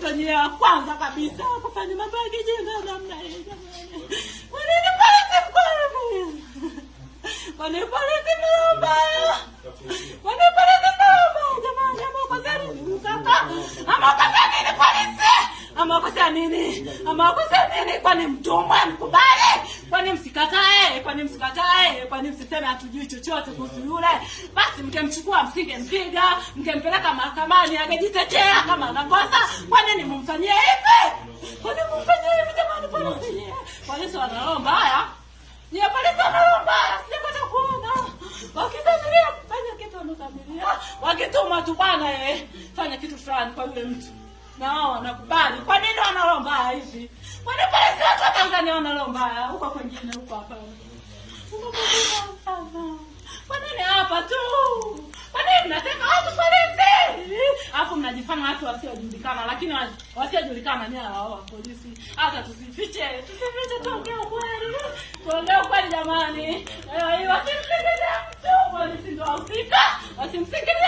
ndo njia ya kwanza kabisa kufanya mambo ya kijinga namna hii. Wanini polisi mkono Wanini polisi Kwa Wanini polisi mkono Jamani amakosea nini kaka? Amakosea nini polisi? Amakosea nini? Ama Amakosea nini? Kwa Kwani mtumwa mkubali? Kwa Kwani msikatae? Kwa Kwani msikatae? Kwa Kwani msiseme hatujui chochote kuhusu yule? Basi mkemchukua msingempiga, mkempeleka mahakamani angejitetea kama anakosa mnamfanyia hivi? Kwa nini mnamfanyia hivi jamani? Polisi, polisi wana roho mbaya. Ni polisi wana roho mbaya, sijapata kuona. Wakisamiria kufanya kitu wanasamiria. Wakituma tu bana yeye eh, fanya kitu fulani kwa yule mtu. Na wao wanakubali. Kwa nini wana roho mbaya hivi? Kwa nini polisi kwa Tanzania wana roho mbaya? Huko kwingine huko hapa. Huko kama watu wasiojulikana, lakini wasiojulikana mimi wa polisi. Hata tusifiche, tusifiche, tuongee ukweli, tuongee ukweli jamani. Ee, wasimsikilize mtu polisi, ndio wahusika, wasimsikilize